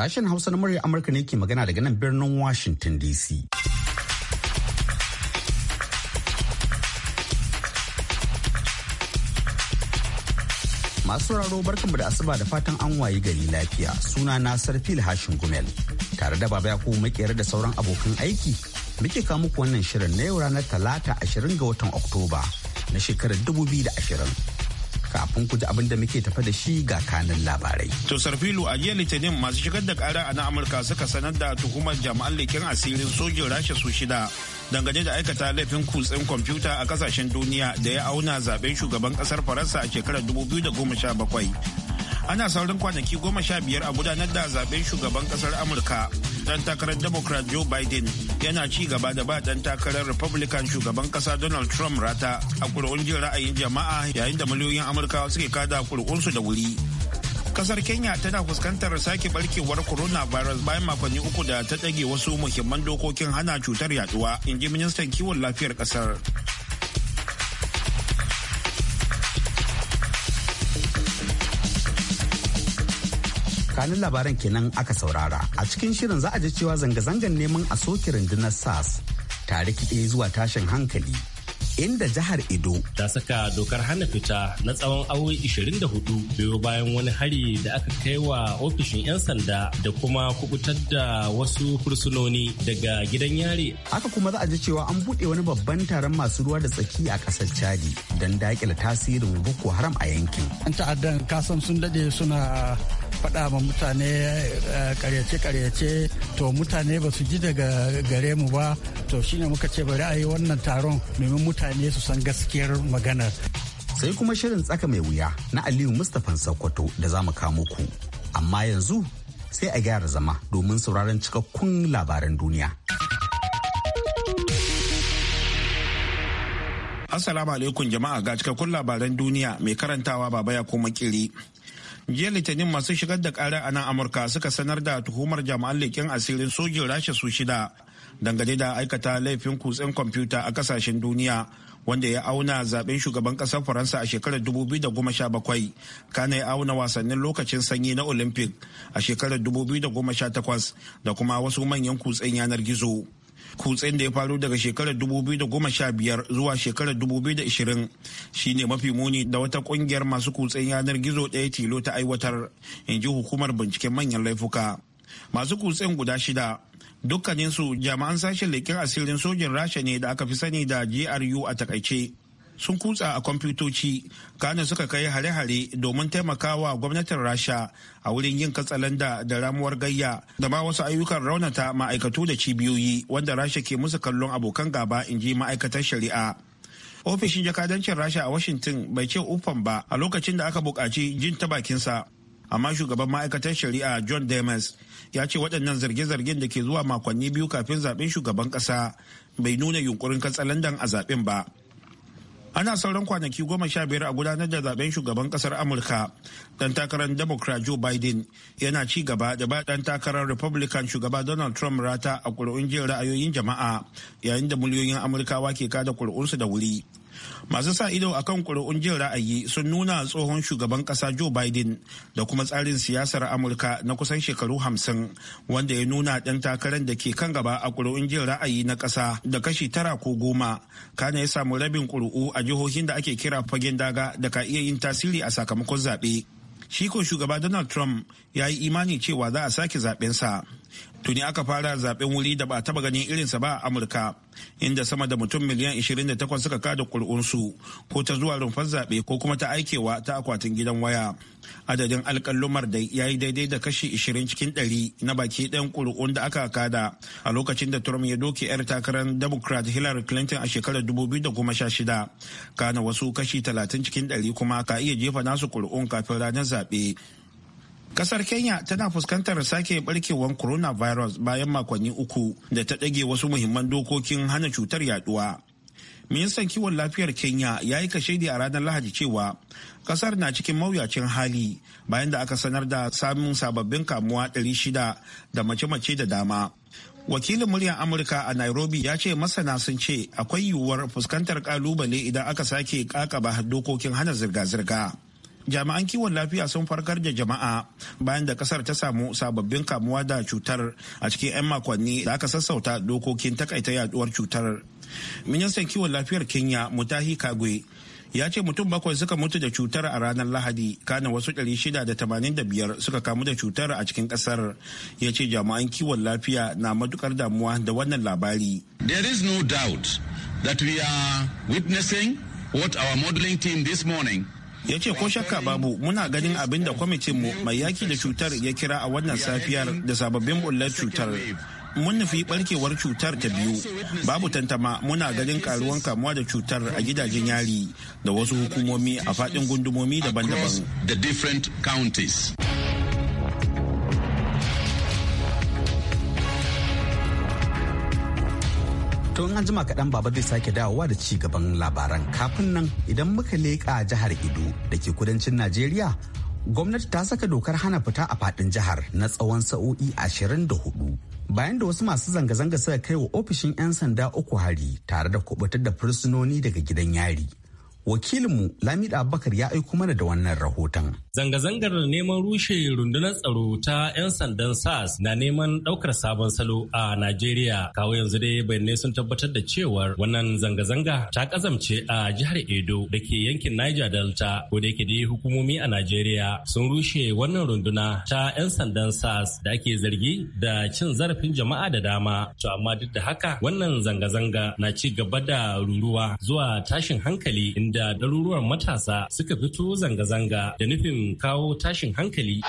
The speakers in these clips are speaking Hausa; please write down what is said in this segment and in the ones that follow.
Sashen Hausa na murya Amurka ne ke magana daga nan birnin Washington DC. Masu raro barkanmu da asuba da fatan an wayi gari lafiya suna na Sarfil Hashin Gumel tare da baba ko makera da sauran abokan aiki muke kawo muku wannan shirin na yau ranar talata 20 ga watan Oktoba na shekarar 2020. kafin ku ji abin da muke tafa da shi ga kanin labarai. To Sarfilu a jiya Litinin masu shigar da kara a na Amurka suka sanar da tuhumar jama'an leken asirin sojin Rasha su shida dangane da aikata laifin kutsen kwamfuta a kasashen duniya da ya auna zaben shugaban kasar Faransa a shekarar bakwai Ana saurin kwanaki goma sha biyar a gudanar da zaben shugaban kasar Amurka. dan takarar democrat joe biden yana ci gaba da ba dan takarar republican shugaban kasa donald trump rata a kuri'un jin ra'ayin jama'a yayin da miliyoyin amurkawa suke kada kuri'unsu da wuri kasar kenya tana fuskantar sake barkewar corona virus bayan makonni uku da ta ɗage wasu muhimman dokokin hana cutar yaduwa in ji ministan kiwon lafiyar kasar tsakanin labaran kenan aka saurara a cikin shirin za a ji cewa zanga-zangan neman a soke rundunar sas tare kiɗe zuwa tashin hankali inda jihar Edo. Ta saka dokar hana fita na tsawon awoyi 24 biyo bayan wani hari da aka kai wa ofishin 'yan sanda da kuma kubutar da wasu fursunoni daga gidan yare. Haka kuma za a ji cewa an buɗe wani babban taron masu ruwa da tsaki a ƙasar Chadi don daƙila tasirin Boko Haram a yankin. An ta'addan kasan sun dade suna faɗa ma mutane karyace-karyace eh, to mutane ba su ji daga gare mu ba to shine muka ce bari a yi wannan taron domin mutane su san gaskiyar maganar. sai kuma shirin tsaka mai wuya na aliyu mustapha sokoto da za mu kamo ku amma yanzu sai a gyara zama domin sauraron cikakkun labaran duniya. Assalamu alaikum jama'a ga cikakkun labaran duniya mai karantawa baba ya kuma kiri. jiya litinin masu shigar da kara a nan amurka suka sanar da tuhumar jami'an leƙen asirin sojin rasha su shida dangane da aikata laifin kutsen kwamfuta a kasashen duniya wanda ya auna zaben shugaban ƙasar faransa a shekarar 2017 kana ya auna wasannin lokacin sanyi na olympic a shekarar 2018 da kuma wasu manyan kutsen yanar gizo kutsen da ya faru daga shekarar 2015 zuwa shekarar 2020 shine mafi muni da wata kungiyar masu kutsen yanar gizo daya tilo ta aiwatar in ji hukumar binciken manyan laifuka masu kutsen guda shida dukkaninsu jami'an sashen leƙen asirin sojin rasha ne da aka fi sani da gru a takaice sun kutsa a kwamfutoci kana suka kai hare-hare domin taimakawa gwamnatin rasha a wurin yin katsalanda da ramuwar gayya da ma wasu ayyukan raunata ma'aikatu da cibiyoyi wanda rasha ke musu kallon abokan gaba in ji ma'aikatar shari'a ofishin jakadancin rasha a washington bai ce ufan ba a lokacin da aka buƙaci jin ta bakinsa amma shugaban ma'aikatar shari'a john demes ya ce waɗannan zarge-zargen da ke zuwa makonni biyu kafin zaɓen shugaban ƙasa bai nuna yunkurin katsalandan a zaɓen ba ana sauran kwanaki goma sha biyar a gudanar da zaben shugaban kasar amurka dan takarar democrat joe biden yana ci gaba da ba dan takarar republican shugaba donald trump rata a kuri'un jin ra'ayoyin jama'a yayin da miliyoyin amurkawa ke kada kuri'unsu da wuri masu sa ido akan ƙuri'un jin ra'ayi sun nuna tsohon shugaban ƙasa joe biden da kuma tsarin siyasar amurka na kusan shekaru hamsin wanda ya nuna ɗan takarar da ke kan gaba a ƙuri'un jin ra'ayi na ƙasa da kashi tara ko goma kana ya samu rabin ƙuri'u a jihohin da ake kira fagen daga da ka iya yin tasiri a sakamakon zaɓe shi ko shugaba donald trump ya yi imani cewa za a sake zaɓensa. sa tuni aka fara zaben wuri da ba taba ganin irinsa ba a amurka inda sama da mutum miliyan 28 suka kada kur'unsu ko ta zuwa rumfar zaɓe ko kuma ta aikewa ta akwatin gidan waya adadin alƙalumar da ya yi daidai da kashi 20 cikin 100 na baki ɗan kur'un da aka kada a lokacin da trump ya doke 'yar takarar democrat hillary clinton a shekarar 2016 kana wasu kashi 30 cikin 100 kuma ka iya jefa nasu kur'un kafin ranar zaɓe Kasar Kenya tana fuskantar sake barkewar coronavirus bayan makonni uku da ta ɗage wasu muhimman dokokin hana cutar yaduwa. Ministan kiwon lafiyar Kenya ya yi kashedi a ranar Lahadi cewa kasar na cikin mawuyacin hali bayan da aka sanar da samun sababbin kamuwa 600 da mace-mace da dama. Wakilin muryar Amurka a Nairobi ya ce masana sun ce akwai yiwuwar fuskantar kalubale idan aka sake kakaba dokokin hana zirga-zirga. jami'an kiwon lafiya sun farkar da jama'a bayan da kasar ta samu sababbin kamuwa da cutar a cikin 'yan makonni da aka sassauta dokokin takaita yaduwar cutar ministan kiwon lafiyar kenya mutahi kagwe ya ce mutum bakwai suka mutu da cutar a ranar lahadi kana wasu 685 suka kamu da cutar a cikin kasar ya ce jami'an kiwon lafiya na matukar damuwa da wannan labari there is no doubt that we are witnessing what our modeling team this morning ya ce ko shakka babu muna ganin abin da kwamitinmu mai yaki da cutar ya kira a wannan safiyar da sababbin bullar cutar mun nufi barkewar cutar ta biyu babu tantama muna ganin karuwan kamuwa da cutar a gidajen yari da wasu hukumomi a faɗin gundumomi daban-daban. To an jima kaɗan baba zai sake dawowa da ci gaban labaran kafin nan idan muka leƙa jihar Ido da ke kudancin Najeriya gwamnati ta saka dokar hana fita a faɗin jihar na tsawon sa'o'i 24 bayan da wasu masu zanga-zanga suka kai wa ofishin 'yan sanda uku hari tare da kubutar da fursunoni daga gidan yari. Wakilinmu Lamida Abubakar ya aiko mana da wannan rahoton. Zanga-zangar neman rushe rundunar tsaro ta 'yan sandan SAS na neman ɗaukar sabon salo a Najeriya. Kawo yanzu dai bayanai sun tabbatar da cewar wannan zanga-zanga ta kazamce a jihar Edo da ke yankin Niger Delta ko da yake dai hukumomi a Najeriya sun rushe wannan runduna ta 'yan sandan SAS da ake zargi da cin zarafin jama'a da dama. To amma duk da haka wannan zanga-zanga na ci gaba da ruruwa zuwa tashin hankali inda ɗaruruwan matasa suka fito zanga-zanga da nufin shirin kawo tashin hankali.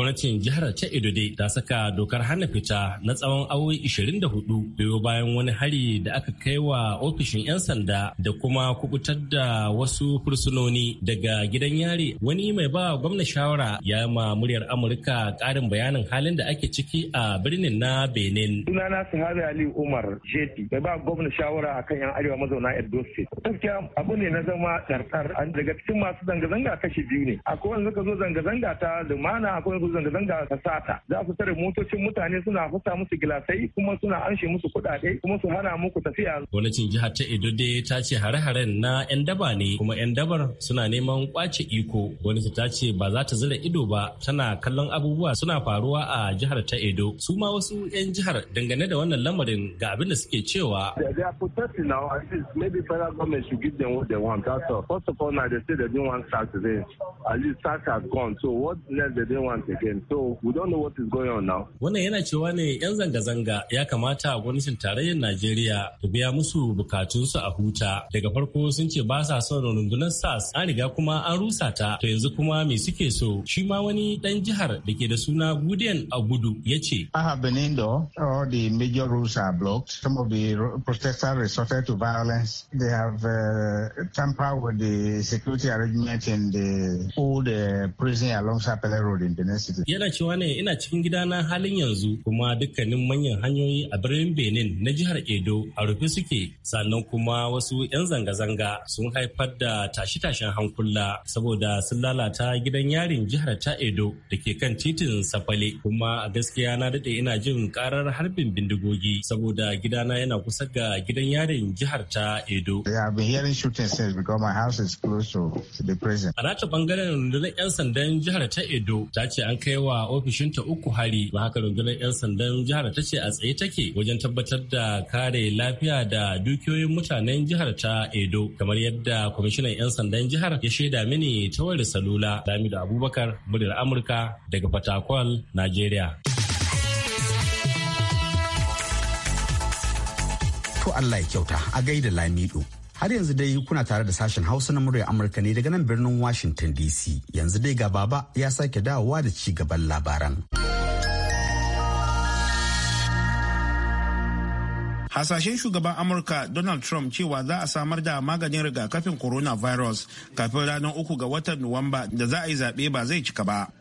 gwamnatin jihar ta edo dai ta saka dokar hana fita na tsawon awoyi 24 biyo bayan wani hari da aka kai wa ofishin 'yan sanda da kuma kubutar da wasu fursunoni daga gidan yari wani mai ba gwamna shawara ya ma muryar amurka karin bayanin halin da ake ciki a birnin na benin sunana sahabi ali umar jeti mai ba gwamna shawara akan yan arewa mazauna edo state gaskiya abu ne na zama tartar daga cikin masu zanga-zanga kashi biyu ne akwai wanda suka zo zanga-zanga ta lumana akwai zanga-zanga a sata za su tare motocin mutane suna fasa musu gilasai kuma suna anshe musu kuɗaɗe kuma su hana muku tafiya. Gwamnatin jihar ta Edo dai ta ce hare-haren na 'yan daba ne kuma 'yan dabar suna neman kwace iko. Gwamnati ta ce ba za ta zira ido ba tana kallon abubuwa suna faruwa a jihar ta Edo. Su ma wasu 'yan jihar dangane da wannan lamarin ga abin da suke cewa. They are protesting now at maybe federal government should give them what they want First of all now they say they didn't want today. At least has gone so what next they didn't want again. So we don't know what is going on now. Wannan yana cewa ne 'yan zanga-zanga ya kamata gwamnatin tarayyar Najeriya ta biya musu bukatunsu a huta. Daga farko sun ce ba sa son rundunar Sars. an riga kuma an rusa ta to yanzu kuma me suke so. Shi ma wani dan jihar da ke da suna Gudian Agudu ya ce. I have been All the major roads are blocked. Some of the protesters resorted to violence. They have uh, tampered with the security arrangement in the old prison alongside in Benin City. Yana cewa ne ina cikin gidana halin yanzu kuma dukkanin manyan hanyoyi a birnin Benin na jihar Edo a rufe suke sannan kuma wasu 'yan zanga-zanga sun haifar da tashi tashen hankula saboda sun lalata gidan yarin jihar ta Edo da ke kan titin Safale kuma a gaskiya na daɗe ina jin karar harbin bindigogi saboda gidana yana kusa ga gidan yarin jihar ta Edo. I have been hearing shooting since because my A rata bangaren rundunar 'yan sandan jihar ta Edo ta ce an kai wa ofishinta uku hari ba haka rundunar 'yan sandan jihar ta ce a tsaye take wajen tabbatar da kare lafiya da dukiyoyin mutanen jihar ta Edo kamar yadda kwamishinan 'yan sandan jihar ya shaida mini ta wayar salula Lamido Abubakar muryar Amurka daga Fatakwal, Najeriya. To Allah ya kyauta a gaida Lamido. Har yanzu dai kuna tare da sashen Hausa na murya Amurka ne daga nan birnin Washington DC. Yanzu dai ga baba ya sake dawowa da ci gaban labaran. Hasashen shugaban Amurka Donald Trump cewa za a samar da maganin rigakafin coronavirus kafin ranar uku ga watan Nuwamba da za a yi zaɓe ba zai cika ba.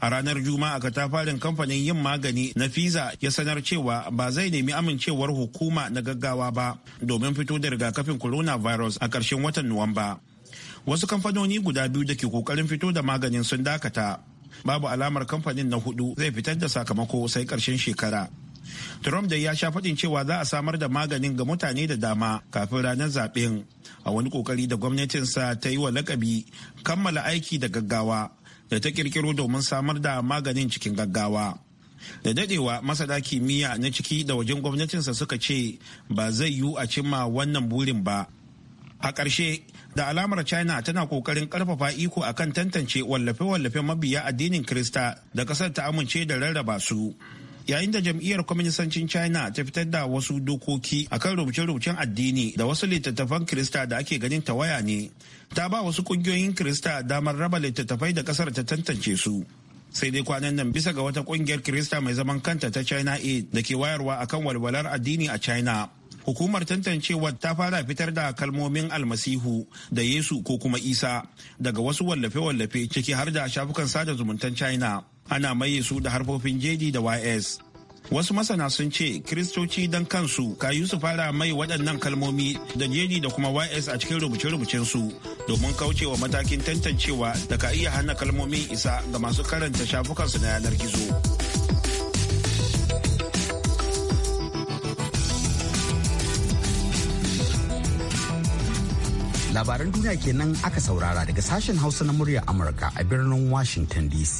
a ranar juma'a katafarin kamfanin yin magani na fiza ya sanar cewa ba zai nemi amincewar hukuma na gaggawa ba domin fito da rigakafin corona virus a ƙarshen watan nuwamba wasu kamfanoni guda biyu da ke kokarin fito da maganin sun dakata babu alamar kamfanin na hudu zai fitar da sakamako sai ƙarshen shekara Trump da ya sha faɗin cewa za a samar da maganin ga mutane da dama kafin ranar zaɓen a wani ƙoƙari da gwamnatinsa ta yi wa lakabi kammala aiki da gaggawa da ta kirkiro domin samar da maganin cikin gaggawa da dadewa masana kimiyya na ciki da wajen gwamnatinsa suka ce ba zai yiwu a cimma wannan burin ba a ƙarshe da alamar china tana ƙoƙarin ƙarfafa iko akan tantance wallafe-wallafe mabiya addinin krista da ƙasar ta amince da rarraba su yayin da jam'iyyar kwaminisancin china ta fitar da wasu dokoki akan rubuce-rubucen addini da wasu littattafan kirista da ake ganin ta waya ne ta ba wasu kungiyoyin kirista damar raba littattafai da kasar ta tantance su sai dai kwanan nan bisa ga wata kungiyar kirista mai zaman kanta ta china aid da ke wayarwa akan walwalar addini a china hukumar tantancewa ta fara fitar da kalmomin almasihu da yesu ko kuma isa daga wasu wallafe-wallafe ciki har da shafukan sada zumuntan china ana maye su da harfofin jd da ys wasu masana sun ce kiristoci don kansu ka yi su fara mai waɗannan kalmomi da jd da kuma ys a cikin rubuce-rubucen su domin kaucewa matakin tantancewa da ka iya hana kalmomin isa ga masu karanta shafukansu na yanar gizo. labaran duniya kenan aka saurara daga sashen hausa na murya amurka a birnin washington dc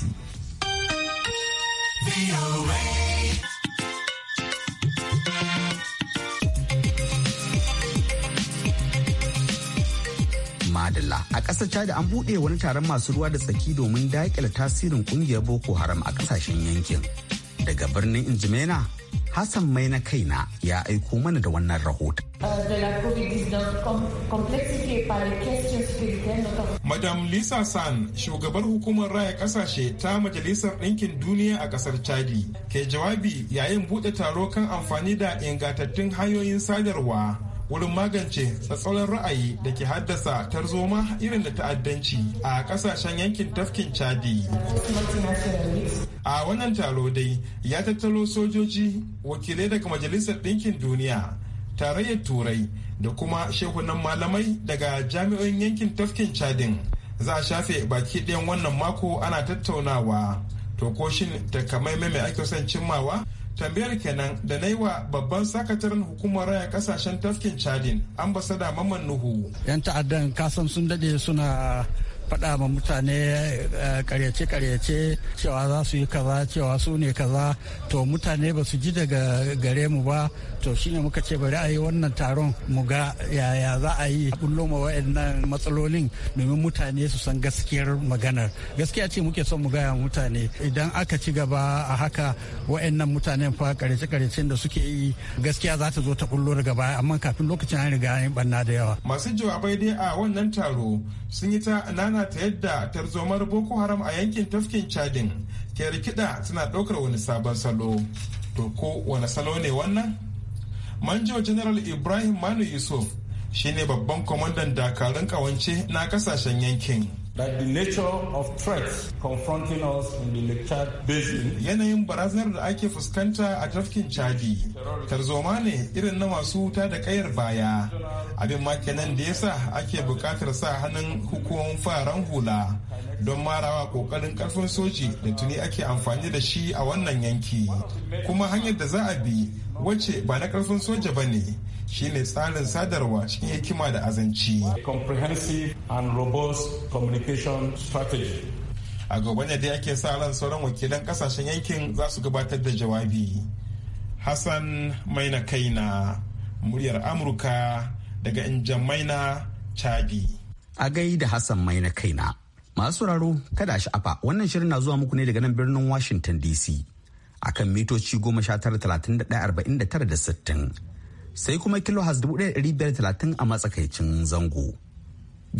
madalla a ƙasar chad an buɗe wani taron masu ruwa da tsaki domin daƙile tasirin ƙungiyar boko haram a ƙasashen yankin daga birnin injimena Hassan mai na kaina ya aiko mana da wannan rahoton. Madam Lisa San, shugabar hukumar raya kasashe ta Majalisar Ɗinkin Duniya a ƙasar Chadi, ke jawabi yayin buɗe taro kan amfani da ingantattun hanyoyin sadarwa wurin magance tsatsauran ra'ayi da ke haddasa tarzoma irin da ta'addanci a kasashen yankin tafkin chadi a wannan taro dai ya tattalo sojoji wakilai daga majalisar ɗinkin duniya tarayyar turai da kuma shehunan malamai daga jami'o'in yankin tafkin chadin za a shafe baki ɗayan wannan mako ana tattaunawa to ko shin takamaimai mai ake son cimmawa tambayar kenan da na yi wa babban sakataren hukumar raya kasashen tafkin chadin ambasada mamman nuhu yan ta'addan kasan sun dade suna faɗa ma mutane karyace-karyace eh, cewa za su yi kaza cewa su ne kaza to mutane ba su ji daga gare mu ba to shine muka ce bari a yi wannan taron mu ga yaya za a yi bullo ma wa'annan matsalolin domin mutane su san gaskiyar maganar gaskiya ce muke son mu gaya mutane idan aka ci gaba a haka wa'annan mutanen fa karyace-karyacen da suke yi gaskiya za ta zo ta kullo daga baya amma kafin lokacin an riga an yi banna da yawa masu jawabai dai a wannan taro sun yi ta nanata yadda tarzomar boko haram a yankin tafkin chadin ke rikida suna ɗaukar wani sabon salo to ko wani salo ne wannan manjo general ibrahim manu yusuf shine babban kwamandan dakarun kawance na kasashen yankin that the nature of threats confronting us in the basin yanayin barazanar da ake fuskanta a tafkin Chadi tarzoma ne irin na masu wuta da kayar baya abin ma kenan da sa ake bukatar sa hannun hukumar fararen hula don marawa kokarin karfin soji da tuni ake amfani da shi a wannan yanki kuma hanyar da za a bi wacce ba na karfin soja ba ne shine tsarin sadarwa cikin hikima da azanci. Comprehensive and robust communication strategy. A gaba ne dai ake sa ran sauran wakilan kasashen yankin za su gabatar da jawabi. Hassan Maina Kaina, muryar Amurka daga Injamaina, Chadi. A da Hassan Maina Kaina. Masu sauraro kada a sha'afa wannan shirin na zuwa muku ne daga nan birnin Washington DC. akan mitoci goma sha tara talatin da ɗaya arba'in da tara da sittin sai kuma kilohas 1530 a matsakaicin zango.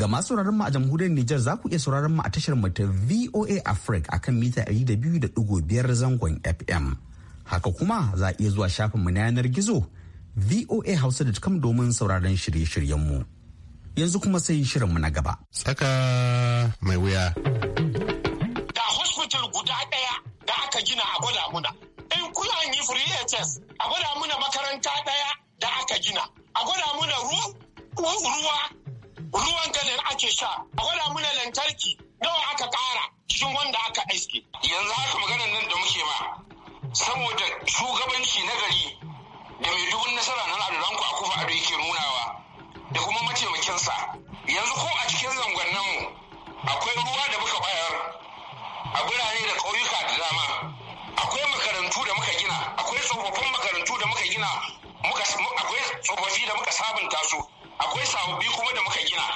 Ga masu sauraron mu a jamhuriyar Nijar za ku iya sauraron mu a tashar mu ta VOA Africa akan mita 200.5 zangon FM. Haka kuma za a iya zuwa shafin mu na yanar gizo hausa voahausa.com domin sauraron shirye-shiryen mu. Yanzu kuma sai shirin mu na gaba. Tsaka mai wuya. Ga hospital guda ɗaya da aka gina a gwada muna. In kuna yi free HS a gwada muna makaranta ɗaya da aka gina a gwada muna ruwa ruwan ganin ake sha a gwada muna lantarki nawa aka ƙara cikin wanda aka aiske yanzu haka maganar nan da muke ma saboda shugabanci na gari da mai dubun nasara na ladulanku a kufa ado yake nunawa da kuma mataimakinsa yanzu ko a cikin zangonninmu akwai ruwa da muka bayar a birane da ƙauyuka da dama akwai makarantu da muka gina akwai tsofaffin makarantu da muka gina akwai tsofaffi da muka sabunta su akwai sababbi kuma da muka gina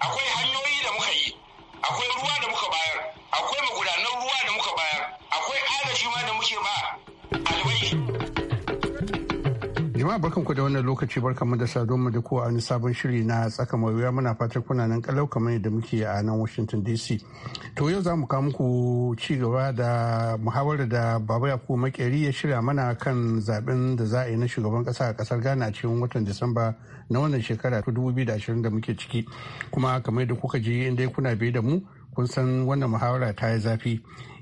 akwai hanyoyi da muka yi akwai ruwa da muka bayar akwai magudanan ruwa da muka bayar akwai agaji ma da muke ba ɗalibai Jama'a barkanku da wannan lokaci mu da saduwa da kowa wani sabon shiri na tsaka wuya muna fatar kuna nan kalau kamar yadda muke a nan Washington DC. To yau za mu kawo muku ci gaba da muhawara da Baba yaku Makeri ya shirya mana kan zaben da za a yi na shugaban kasa a kasar Ghana a cikin watan Disamba na wannan shekara ta biyu da muke ciki. Kuma kamar yadda kuka ji inda kuna biye da mu kun san wannan muhawara ta yi zafi.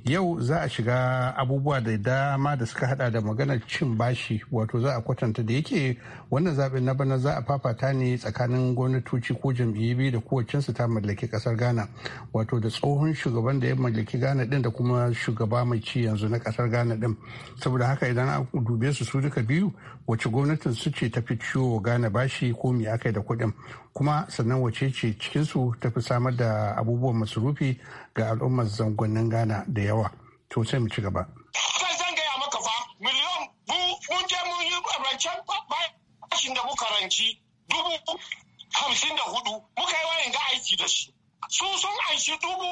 yau za a shiga abubuwa da dama da suka hada da maganar cin bashi wato za a kwatanta da yake wannan zaɓin na bana za a fafata ne tsakanin gwamnatoci ko jam'iyyu biyu da kowacensu ta mallaki ƙasar ghana wato da tsohon shugaban da ya mallaki ghana din da kuma shugaba mai ci yanzu na ƙasar ghana din saboda haka idan a dube su su duka biyu wace gwamnatin su ce ta fi ciwo ghana bashi ko me aka yi da kuɗin kuma sannan wace ce cikinsu ta fi samar da abubuwan masurufi ga al'ummar zangonin Ghana da yawa. To sai mu ci gaba. Zan gaya maka fa miliyon mun je mun yi rancen bashin da muka ranci dubu hamsin da hudu muka yi wayan ga aiki da shi. Su sun anshi dubu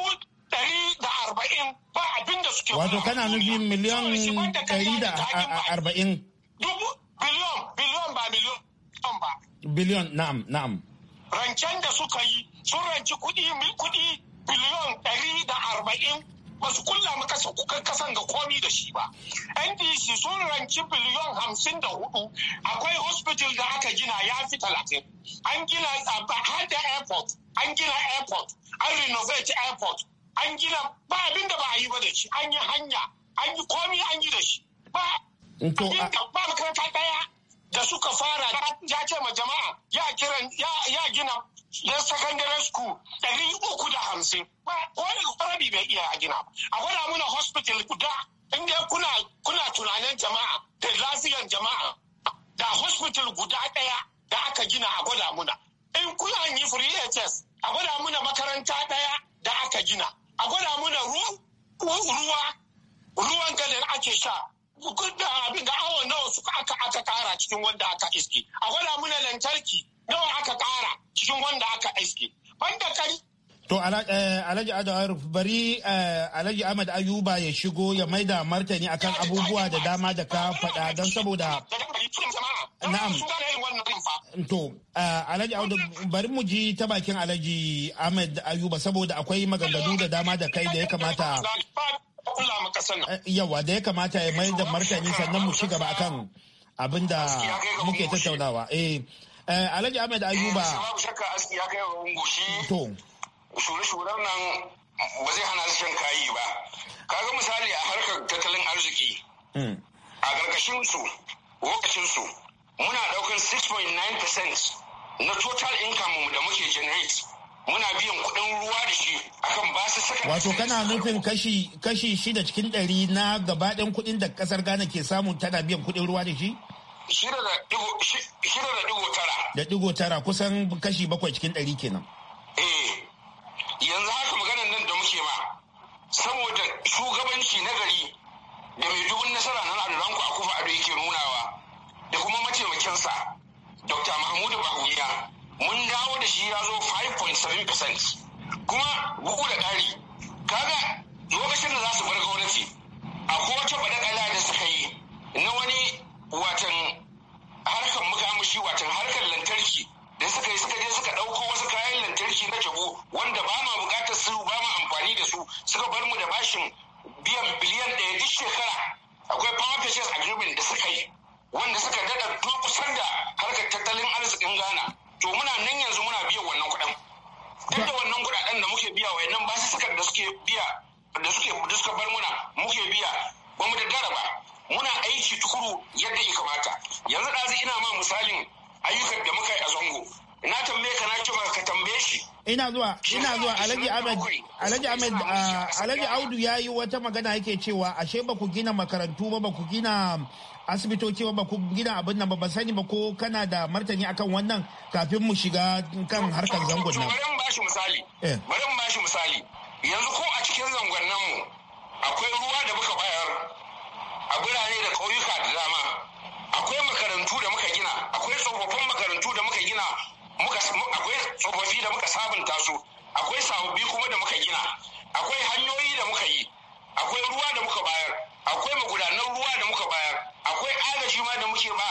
ɗari da arba'in ba abin da suke Wato kana nufin miliyon ɗari da arba'in. Dubu biliyon biliyon ba miliyon ba. Biliyon na'am na'am. Rancen da suka yi sun ranci kuɗi kuɗi biliyon ɗari da arba'in ba su kulla maka kukan kasan ga komi da shi ba. NDC sun ranci biliyon hamsin da hudu akwai hospital da aka gina ya fi talatin. An gina da airport, an gina airport, an renovate airport, an gina ba abin da ba a yi ba da shi, an yi hanya, an yi komi an yi da shi. Ba abin da ba makaranta ɗaya da suka fara ya ce ma jama'a ya kiran ya gina na secondary school ɗari uku da hamsin wani rabi bai iya a gina a gwada muna hospital guda inda kuna kuna tunanin jama'a da lafiyan jama'a da hospital guda ɗaya da aka gina a gwada muna in kuna yi free hs a gwada muna makaranta ɗaya da aka gina a gwada muna ruwa ruwan ganin ake sha da abin ga awon nawa suka aka aka kara cikin wanda aka iske a gwada muna lantarki nawa aka kara cikin wanda aka iske banda kari To eh, Alhaji Adawar bari eh, Alhaji Ahmad Ayuba ya shigo ya maida martani akan abubuwa da dama da ka faɗa don saboda Na'am. To eh, Alhaji Audu bari mu ji ta bakin Alhaji Ahmad Ayuba saboda akwai maganganu da dama da kai da ya kamata kula ma kasan nan eh, yawa da ya kamata ya mai da martani sannan mu ci gaba akan abin da muke tattaunawa eh, eh Alhaji Ahmed Ayuba eh, babu shakka aski ya kai to shure-shuren nan ba zai hana su shan kayi ba Ka ga misali a harkar tattalin arziki hmm. a ƙarƙashin su lokacin su muna ɗaukar 6.9% na total income da muke generate muna biyan kuɗin ruwa da shi akan ba su saka wato kana nufin kashi kashi shida cikin ɗari na gabaɗayan kuɗin da ƙasar ghana ke samu tana biyan kuɗin ruwa da shi shida da digo tara da digo tara kusan kashi bakwai cikin ɗari kenan eh yanzu haka maganar nan da muke ma saboda shugabanci na gari da mai dubun nasara na a kufa Ado yake nunawa da kuma mataimakinsa Dr. Mahmudu Bahumiya mun dawo da shi ya zo 5.7% kuma bugu da ƙari kaga lokacin da za su bar gwamnati a kowace ƙala da suka yi na wani watan harkar mukamushi watan harkar lantarki da suka yi suka je suka ɗauko wasu kayan lantarki na jabo wanda ba ma buƙatar su ba ma amfani da su suka bar mu da bashin biyan biliyan ɗaya duk shekara akwai power purchase agreement da suka yi wanda suka daɗa kusan da harkar tattalin arzikin ghana to muna nan yanzu muna biyan wannan kuɗin duk da wannan kuɗaɗen da muke biya wayannan ba su sakar da suke biya da suke da suka bar muna muke biya ba mu da ba. muna aiki tukuru yadda ya kamata yanzu ɗazu ina ma misalin ayyukan da muka yi a zango na tambaye ka na ce ka tambaye shi ina zuwa ina zuwa alhaji ahmed alhaji ahmed ah, alhaji audu yayi wata magana yake cewa ashe ba ku gina makarantu ba ba ku gina asibitoci ba ku gina abin nan ba ba sani ba ko kana da martani akan wannan kafin mu shiga kan harkar zangon nan. Bari bashi misali. Eh. Bari bashi misali. Yanzu ko a cikin zangon nan mu akwai ruwa da muka bayar a birane da kauyuka da dama. Akwai makarantu da muka gina, akwai tsofaffin makarantu da muka gina, akwai tsofaffi da muka sabunta su, akwai sababbi kuma da muka gina, akwai hanyoyi da muka yi, akwai ruwa da muka bayar. akwai magudanan ruwa da muka bayar akwai agaji ma da muke ba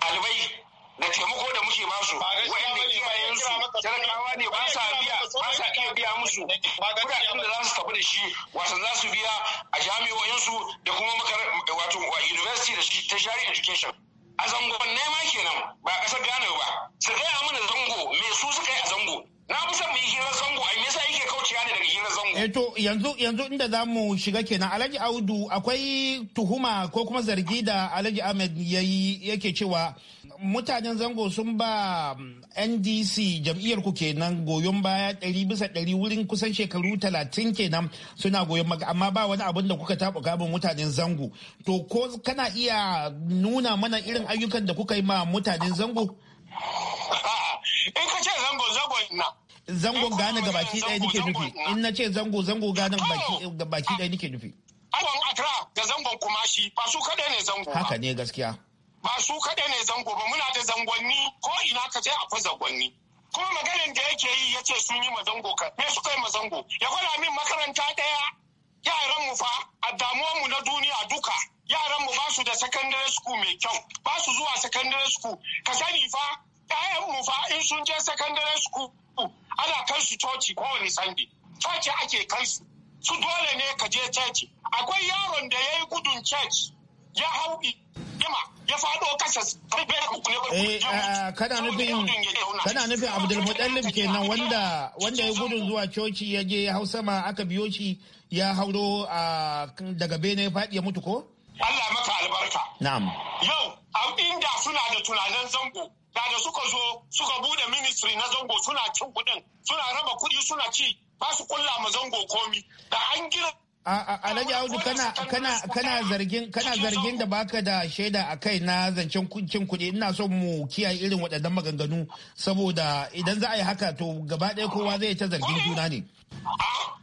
ɗalibai da taimako da muke ba su waɗanda iyayensu talakawa ne ba sa biya ba sa iya biya musu da za su tafi da shi wasan za su biya a jami'o'insu da kuma wato university da ta shari education a zangon nema kenan ba a ƙasar Ghana ba su gaya mana zango me su suka yi a zango na fi son mu yi hirar zango a Eh, to yanzu yanzu inda za mu shiga kenan Alhaji Audu akwai tuhuma ko kuma zargi da Alhaji Ahmed yayi yake cewa mutanen zango sun ba mm, NDC jam'iyyar ku kenan goyon baya ɗari bisa ɗari wurin kusan shekaru talatin kenan suna goyon maka amma ba wani abin da kuka taɓa gaban mutanen zango to ko kana iya nuna mana irin ayyukan da kuka yi ma mutanen zango? In ka ce zango zango na zangon gane ga baki ɗaya nike nufi in na ce zango zango gane ga oh! baki eh, ɗaya nike nufi zangon Accra da zangon Kumashi ba su kaɗai ne zango haka ne gaskiya ba su kaɗai ne zango ba muna da zangonni ko ina ka ce akwai zangonni kuma maganin da yake yi ya ce sun yi zango ka me suka yi ma zango ya gwada min makaranta ɗaya yaran mu fa a damuwar mu na duniya duka yaran mu ba su da secondary school mai kyau ba su zuwa secondary school ka sani fa mu fa in sun je secondary school ana kai su coci kowane sande coci ake kai su su dole ne ka je coci akwai yaron da ya yi gudun coci ya hau Ima ya faɗo kasa eh, eh, kana nufin kana nufin abdulmutallib kenan wanda wanda ya gudun zuwa coci ya je ya hau sama aka biyo shi ya hauro ah, daga bene ya faɗi ya mutu ko Allah maka albarka na'am yau inda suna da tunanin zango da da suka zo suka bude ministry na zango suna cin kudin suna raba kudi suna ci ba su kulla ma zango komi da an gina Alhaji Audu kana kana kana zargin kana zargin da baka da shaida a kai na zancen cin kudi ina son mu kiyaye irin waɗannan maganganu saboda idan za a yi haka to gaba ɗaya kowa zai ta zargin juna ne.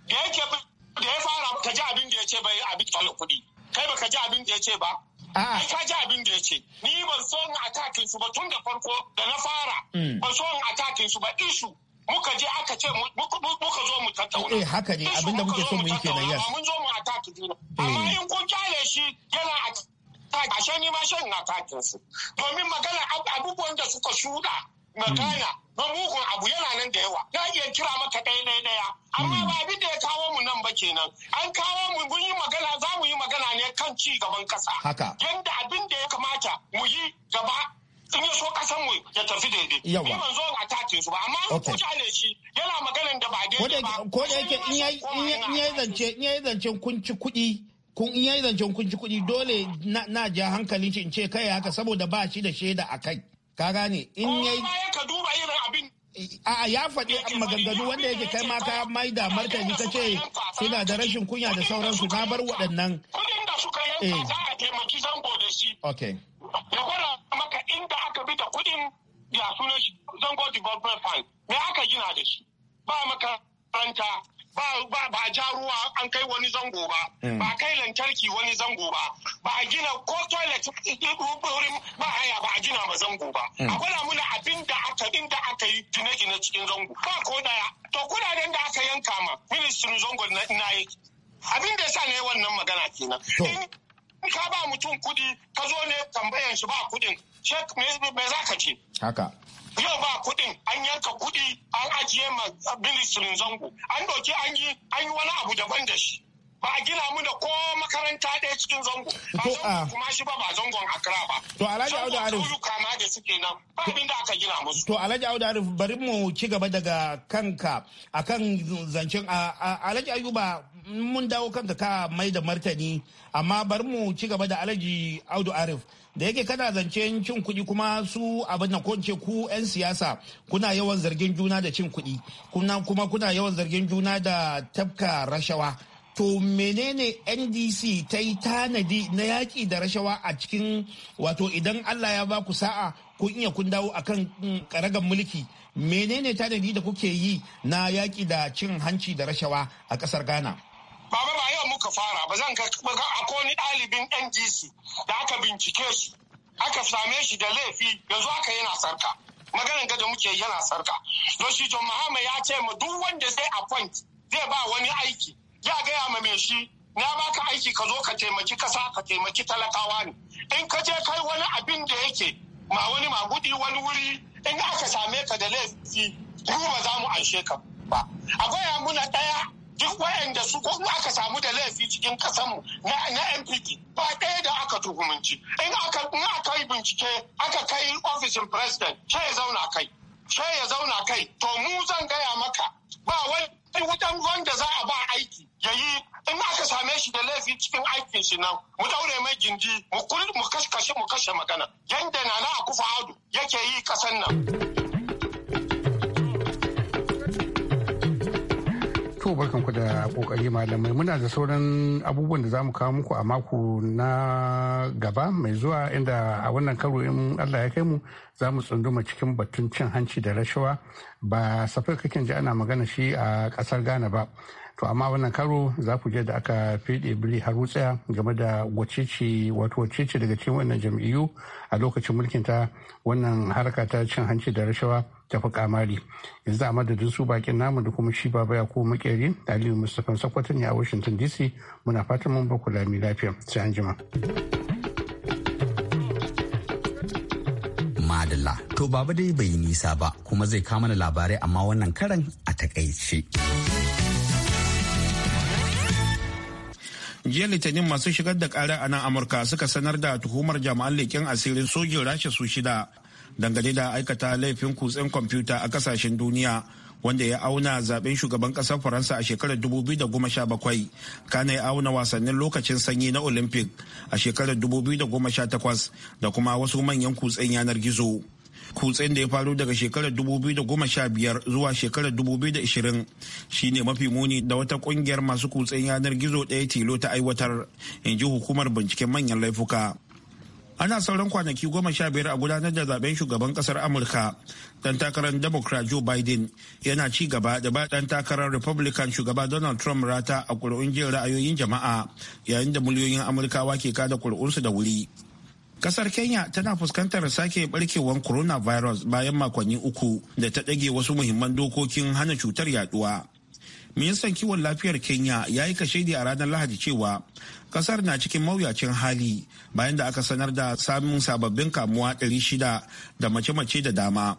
Da ya fara ka ji abin da ya ce bai abin kuɗi kai baka ji abin da ya ce ba Ah. Ka ji abin da ya ce, ni ban so in atakin su ba tun da farko da na fara, mm. ban so in atakin su ba ishu muka je aka ce muka zo mu tattauna. Eh haka ne abin da muke so mu yi kenan yes. Mun zo mu ataki juna. Amma eh. in kun kyale shi yana ataki, ashe ni ma shan atakin su. Domin magana abubuwan da suka shuda. Na magana na mugun abu yana nan da yawa na iya kira maka ɗaya ɗaya ɗaya amma ba abin da ya kawo mu nan ba kenan an kawo mu mun yi magana za mu yi magana ne kan ci gaban kasa haka yanda abin da ya kamata mu yi gaba in ya so kasan mu ya tafi daidai. Yawa. Ni ban zo a tace su ba amma ku jale shi yana maganan da ba daidai ba. Ko da yake in yayi zance in yayi zance kun ci kuɗi kun in yayi zancen kun ci kuɗi dole na ja hankalin shi in ce kai haka saboda ba shi da shaida a kai. Ka gane in yayi a'a ya faɗi maganganu wanda yake kai ma ka mai da martani ka ce suna da rashin kunya da sauransu na bar waɗannan. Kudin da suka yanka eh. za a taimaki zango da shi. Okay. Da gwada maka inda aka bi da kudin ya sunan zango development fund me aka gina da shi ba maka makaranta ba ba ba ja ruwa an kai wani zango ba mm. ba kai lantarki wani zango ba ba gina ko toilet wurin ba haya ba gina ba zango ba mm. a gwada muna abin da aka da aka yi gine-gine cikin zango ba ko daya to kudaden da aka yanka ma ministrin zango na yi abin da sa ne wannan magana kenan in ka ba mutum kudi ka zo ne tambayan shi ba kudin me za ka ce haka yau ba kuɗin an yanka kuɗi an ajiye ma ministrin zango an ɗauki an yi an yi wani abu daban da shi ba a gina mu da ko makaranta ɗaya cikin zango ba zango ah. kuma shi ba ba zangon akra ba to alhaji auda arif zango kama da suke nan ba abin da aka gina musu to alhaji auda arif bari mu ci gaba daga kanka akan zancen alhaji ayuba mun dawo kanka ka mai da martani amma bari mu ci gaba da alhaji audu arif da yake kana zance cin kuɗi kuma su abin na kwance ku 'yan siyasa kuna yawan zargin juna da cin kuɗi kuna kuma kuna yawan zargin juna da tafka rashawa to menene ndc ta yi tanadi na yaƙi da rashawa a cikin wato idan allah ya ba ku sa'a kun iya kun dawo akan mm, karagar mulki menene tanadi da kuke yi na yaƙi da cin hanci da rashawa a ƙasar ghana baba ba yau muka fara ba zan ga wani ɗalibin ngc da aka bincike shi aka same shi da laifi yanzu aka yana sarka maganin gada muke yana sarka don shi john mahama ya ce mu duk wanda zai appoint zai ba wani aiki ya gaya ma mai shi na baka aiki ka zo ka taimaki kasa ka taimaki talakawa ne in ka je kai wani abin da yake ma wani magudi wani wuri in aka same ka da laifi ruba za mu anshe ka ba akwai muna ɗaya duk wayanda su ko aka samu da laifi cikin kasan mu na npp ba ɗaya da aka tuhumanci in aka kai bincike aka kai ofishin president ke ya zauna kai ke ya zauna kai to mu zan gaya maka ba wani wutan wanda za a ba aiki ya yi in aka same shi da laifi cikin aikin shi nan mu daure mai gindi mu kashe mu kashe magana yanda Nana akufa adu yake yi kasan nan. To barkanku da kokari malamai muna da sauran abubuwan da za mu kawo muku a mako na gaba mai zuwa inda a wannan karo in Allah ya kai mu za mu tsunduma cikin batun cin hanci da rashawa ba safar kakin ji ana magana shi a kasar Ghana ba. To amma wannan karo za ku je da aka fiɗe biri har wutsaya game da wacece wato wacece daga cikin wannan jam'iyyu a lokacin mulkin ta wannan harka ta cin hanci da rashawa tafi kamari yanzu a madadin su bakin namu da kuma shi baba ya kuma makeri aliyu mustapha sakwato ne a washington dc muna fatan mun ba lafiya sai an jima madalla to baba dai bai yi nisa ba kuma zai kama da labarai amma wannan karan a takaice jiya litinin masu shigar da kara a nan amurka suka sanar da tuhumar jami'an leƙen asirin sojin rasha su shida dangane da aikata laifin kutsen kwamfuta a kasashen duniya wanda ya auna zaben shugaban kasar faransa a shekarar 2017 kana ya auna wasannin lokacin sanyi na olympic a shekarar 2018 da kuma wasu manyan kutsen yanar gizo kutsen da ya faru daga shekarar 2015 zuwa shekarar 2020 shine mafi muni da wata kungiyar masu kutsen yanar gizo daya tilo ta aiwatar in ji hukumar binciken manyan laifuka ana sauran kwanaki goma sha biyar a gudanar da zaben shugaban kasar amurka dan takarar democrat joe biden yana ci gaba da ba dan takarar republican shugaba donald trump rata a kuri'un jin ra'ayoyin jama'a yayin da miliyoyin amurkawa ke kada kuri'unsu da wuri kasar kenya tana fuskantar sake barkewar coronavirus bayan makonni uku da ta ɗage wasu muhimman dokokin hana cutar yaduwa ministan kiwon lafiyar kenya ya yi kashedi a ranar lahadi cewa kasar na cikin mawuyacin hali bayan da aka sanar da samun sababbin kamuwa 600 da mace-mace da dama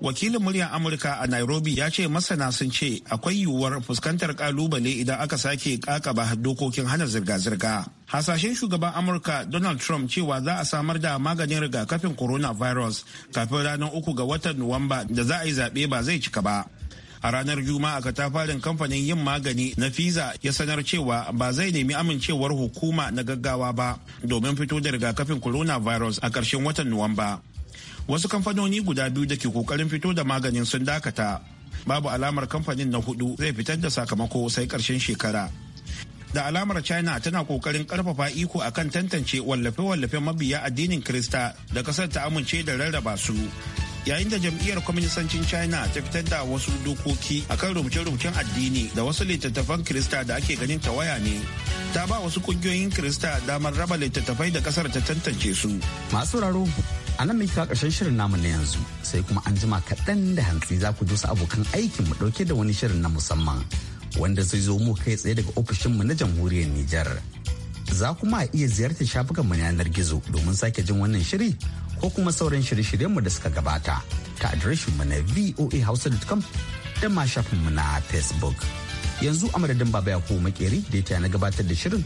wakilin muryar amurka a nairobi ya ce masana sun ce akwai yiwuwar fuskantar kalubale idan aka sake kakaba dokokin hana zirga-zirga hasashen shugaban amurka donald trump cewa za a samar da maganin rigakafin coronavirus kafin ranar uku ga watan nuwamba da za a yi zaɓe ba zai cika ba a ranar juma'a katafaren kamfanin yin magani na fiza ya sanar cewa ba zai nemi amincewar hukuma na gaggawa ba domin fito da rigakafin corona virus a ƙarshen watan nuwamba wasu kamfanoni guda biyu da ke kokarin fito da maganin sun dakata babu alamar kamfanin na hudu zai fitar da sakamako sai ƙarshen shekara da alamar china tana kokarin karfafa iko akan tantance wallafe-wallafe mabiya addinin krista da kasar ta amince da rarraba su yayin da jam'iyyar kwaminisancin china ta fitar da wasu dokoki akan rubuce-rubucen addini da wasu littattafan krista da ake ganin ta waya ne ta ba wasu kungiyoyin krista damar raba littattafai da kasar ta tantance su masu raro a nan muke karshen shirin namu na yanzu sai kuma an jima kaɗan da hantsi za ku ji abokan aikin mu ɗauke da wani shirin na musamman wanda zai zo mu kai tsaye daga ofishinmu na jamhuriyar Nijar. Za kuma a iya ziyartar shafukanmu na yanar gizo domin sake jin wannan shiri ko kuma sauran shirye-shiryenmu da suka gabata ta adireshinmu na voahausa.com da ma shafinmu na Facebook. Yanzu amadadin Baba Yakubu Makeri da ya na gabatar da shirin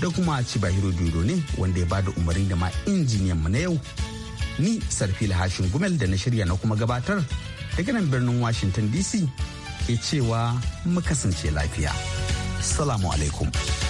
da kuma Cibahiro Dodo ne wanda ya bada umarni da ma injiniyan mu na yau. Ni sarfi lahashin Gumel da na shirya na kuma gabatar daga nan birnin Washington DC ke cewa mu kasance lafiya. Salamu alaikum.